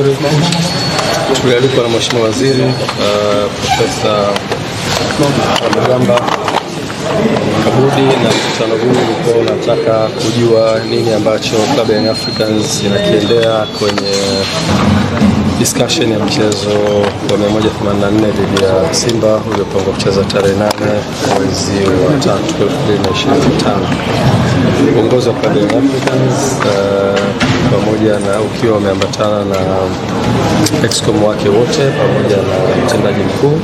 Nzuri. Tulialikwa na Mheshimiwa Waziri uh, Profesa Palamagamba Kabudi, na mkutano huu ulikuwa unataka kujua nini ambacho klabu ya Young Africans inakiendea kwenye Discussion ya mchezo wa 184 dhidi ya Simba uliopangwa kucheza tarehe 8 mwezi wa 3 2025. Uongozi wa ya Africans eh, pamoja na ukiwa wameambatana na excom wake wote pamoja na mtendaji mkuu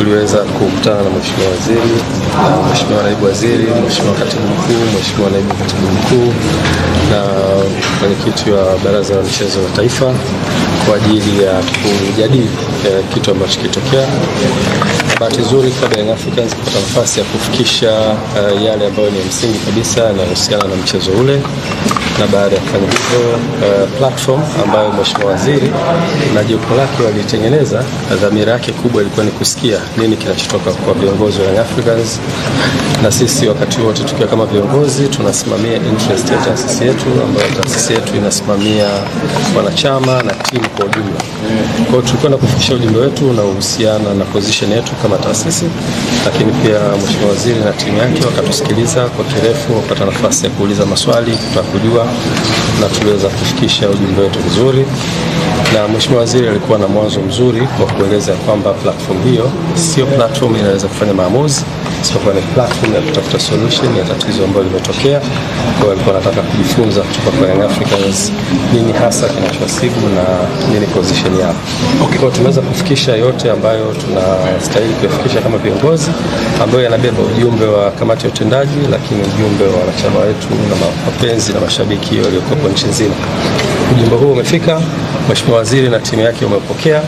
uliweza kukutana na mheshimiwa waziri, mheshimiwa naibu waziri, mheshimiwa katibu mkuu, mheshimiwa naibu katibu mkuu na mwenyekiti wa Baraza la Michezo la Taifa kwa ajili ya kujadili eh, kitu ambacho kitokea. Bahati nzuri klabu ya Africans kupata nafasi ya kufikisha uh, yale ambayo ni ya msingi kabisa yanayohusiana na mchezo ule na baada ya kufanya uh, platform ambayo mheshimiwa waziri na jopo lake walitengeneza, dhamira yake kubwa ilikuwa ni kusikia nini kinachotoka kwa viongozi wa Young Africans, na sisi wakati wote tukiwa kama viongozi tunasimamia interest ya taasisi yetu, ambayo taasisi yetu inasimamia wanachama na timu kwa ujumla. Kwa hiyo tulikwenda kufikisha ujumbe wetu unaohusiana na position yetu kama taasisi, lakini pia Mheshimiwa Waziri na timu yake wakatusikiliza kwa kirefu, wakapata nafasi ya kuuliza maswali, kutaka kujua, na tuliweza kufikisha ujumbe wetu vizuri na Mheshimiwa Waziri alikuwa na mwanzo mzuri kwa kueleza kwamba platform hiyo sio platform inaweza kufanya maamuzi isipokuwa ni platform ya kutafuta solution ya tatizo ambayo limetokea. Kwa hiyo alikuwa anataka kujifunza kutoka kwa Young Africans nini hasa kinachowasibu na nini position yao. Okay. Kwa tumeweza kufikisha yote ambayo tunastahili kuyafikisha kama viongozi, ambayo yanabeba ujumbe wa kamati ya utendaji, lakini ujumbe wa wanachama wetu na mapenzi na mashabiki waliokuwepo nchi nzima. Ujumbe huu umefika, Mheshimiwa Waziri na timu yake umepokea,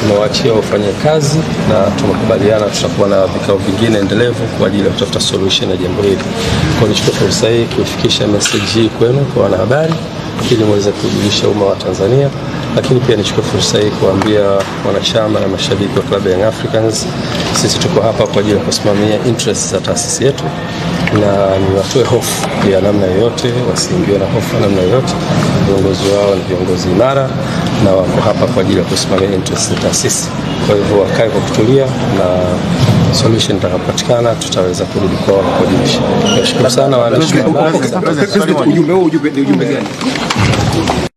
tumewaachia wafanye kazi na tumekubaliana tutakuwa na vikao vingine endelevu kwa ajili ya kutafuta solution ya jambo hili. Kwa nichukue fursa hii kuifikisha message hii kwenu kwa wanahabari ili muweze kujulisha umma wa Tanzania, lakini pia nichukue fursa hii kuambia wanachama na mashabiki wa klabu ya Young Africans, sisi tuko hapa kwa ajili ya kusimamia interest za taasisi yetu na niwatoe hofu ya namna yoyote, wasiingiwe na hofu ya namna yoyote. Viongozi wao ni viongozi imara na wako hapa kwa ajili ya kusimamia interest taasisi. Kwa hivyo wakae kwa kutulia na solution itakapatikana tutaweza kurudi kwao na kujulisha. Nashukuru sana waandishi wa habari. Ujumbe huu ujumbe gani?